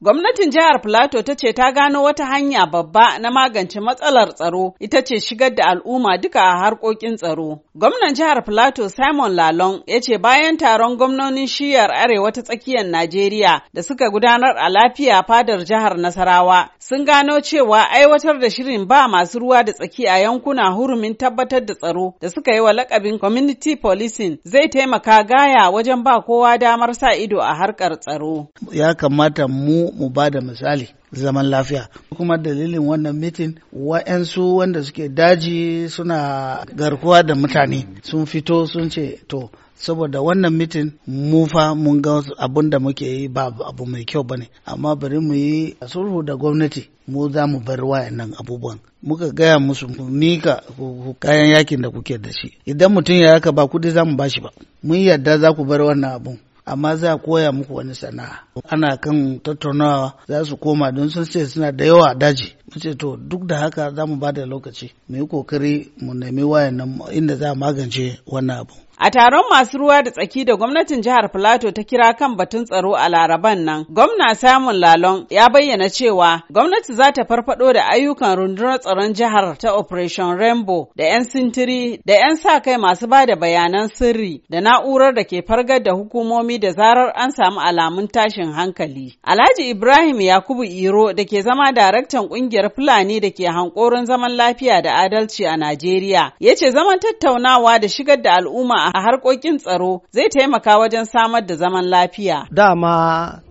Gwamnatin jihar Filato ta ce ta gano wata hanya babba na magance matsalar tsaro ita ce shigar da al'umma duka a harkokin tsaro. Gwamnan jihar Filato Simon lalon ya ce bayan taron gwamnonin shiyar arewa ta tsakiyar Najeriya da suka gudanar a lafiya fadar jihar Nasarawa sun gano cewa aiwatar da shirin ba masu ruwa da tsaki a yankuna hurumin tabbatar da tsaro da suka yi wa lakabin community policing zai taimaka gaya wajen ba kowa damar sa ido a harkar tsaro. Ya kamata mu mu ba da misali zaman lafiya kuma dalilin wannan mitin wa'yansu wanda suke daji suna garkuwa da mutane sun fito sun ce to saboda wannan mitin mu fa mun ga abin da muke yi ba abu mai kyau ba ne amma bari mu yi sulhu da gwamnati mu za mu bar wayannan abubuwan muka gaya musu mika kayan yakin da kuke da shi idan mutum ya yaka ba kudi za mu bashi ba mun yadda za ku bar wannan abun amma za a koya muku wani sana'a ana kan tattaunawa za su koma don sun ce suna da yawa daji mu ce to duk da haka za mu ba da lokaci mu yi kokari mu nemi wayan inda za a magance wannan abu A taron masu ruwa da tsaki da gwamnatin jihar Filato ta kira kan batun tsaro a Laraban nan, gwamna Samun Lalon ya bayyana cewa gwamnati za ta farfado da ayyukan rundunar tsaron jihar ta Operation Rainbow da 'yan sintiri da 'yan sa kai masu ba da bayanan sirri da na'urar da ke fargar da hukumomi da zarar an samu alamun tashin hankali. Alhaji Ibrahim Yakubu Iro da ke zama daraktan kungiyar Fulani da ke hankorin zaman lafiya da adalci a Najeriya, ya ce zaman tattaunawa da shigar da al'umma a harkokin tsaro zai taimaka wajen samar da zaman lafiya. Dama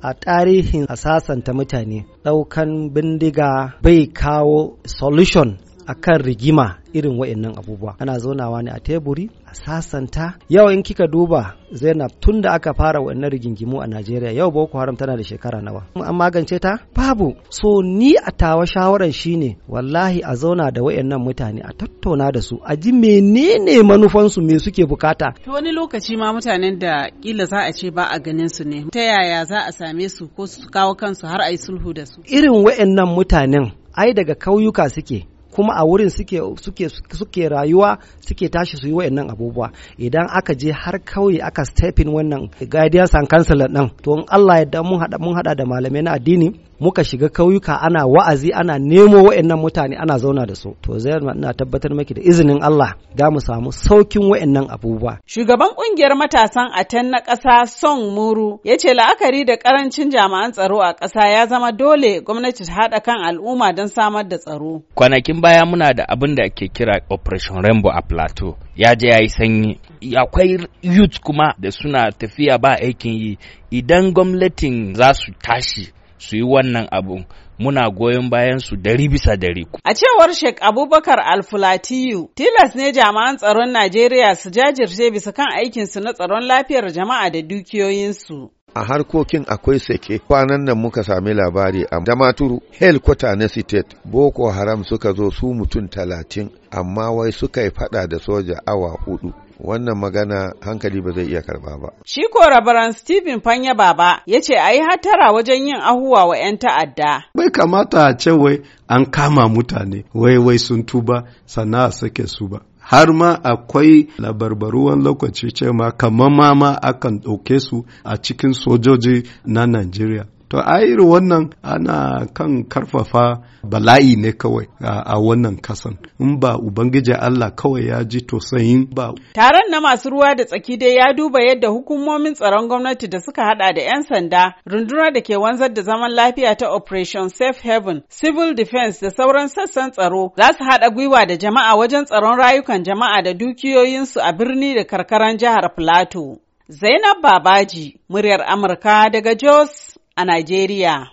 a tarihin a sasanta mutane ɗaukan bindiga bai kawo solution a kan rigima irin wa'annan abubuwa ana zaunawa ne a teburi a sasanta yau in kika duba zainab tun da aka fara wa'annan rigingimu a najeriya yau boko haram tana da shekara nawa an magance ta babu so ni a tawa shawarar shine wallahi a zauna da wa'annan mutane a tattauna da su a ji menene manufansu me suke bukata to wani lokaci ma mutanen da kila za a ce ba a ganin su ne ta yaya za a same su ko su kawo kansu har a yi sulhu da su irin wa'annan mutanen ai daga kauyuka suke kuma a wurin suke suke suke rayuwa suke tashi su yi wayannan abubuwa idan aka je har kauye aka stepping wannan guidance and counselor din to in Allah ya mun hada mun hada da malamai na addini muka shiga kauyuka ana wa'azi ana nemo wa'annan mutane ana zauna da su to zai ina tabbatar maki da izinin Allah za mu samu saukin wa'annan abubuwa shugaban kungiyar matasan aten na ƙasa son muru ya ce la'akari da karancin jami'an tsaro a ƙasa ya zama dole gwamnati ta haɗa kan al'umma don samar da tsaro kwanakin baya muna da abin da ake kira operation rainbow a plateau ya je ya sanyi akwai youth kuma da suna tafiya ba aikin yi idan gwamnatin za su tashi su yi wannan abun muna goyon bayan su dari bisa dari. A cewar Sheikh Abubakar Alfulatiyu, tilas ne jami'an tsaron Najeriya su jajirce bisa kan aikinsu na tsaron lafiyar jama'a da dukiyoyinsu. a harkokin akwai sake kwanan nan muka sami labari a damaturu helkwata na state boko haram suka zo su mutum talatin amma wai suka yi fada da soja awa hudu wannan magana hankali ba zai iya karba ba. Shi ko rabaran Stephen Fanya Baba ya ce a yi hatara wajen yin ahuwa wa 'yan ta'adda. Bai kamata a ce wai an kama mutane wai wai sun tuba sana'a sake su ba. har ma akwai labarbaruwan lokaci ce ma kamar ma akan ɗauke su a cikin sojoji na Najeriya. To a irin wannan ana kan karfafa bala'i ne kawai a wannan kasan in ba Ubangiji Allah kawai ya ji tosayin ba. Taron na masu ruwa da tsaki dai ya duba yadda hukumomin tsaron gwamnati da suka hada da 'yan sanda runduna da ke wanzar da zaman lafiya ta Operation Safe Haven, Civil Defense da sauran sassan tsaro za su haɗa gwiwa da jama'a wajen tsaron rayukan jama'a da dukiyoyinsu a birni da karkaran jihar Plateau. Zainab Babaji, muryar Amurka daga Jos a Nigeria.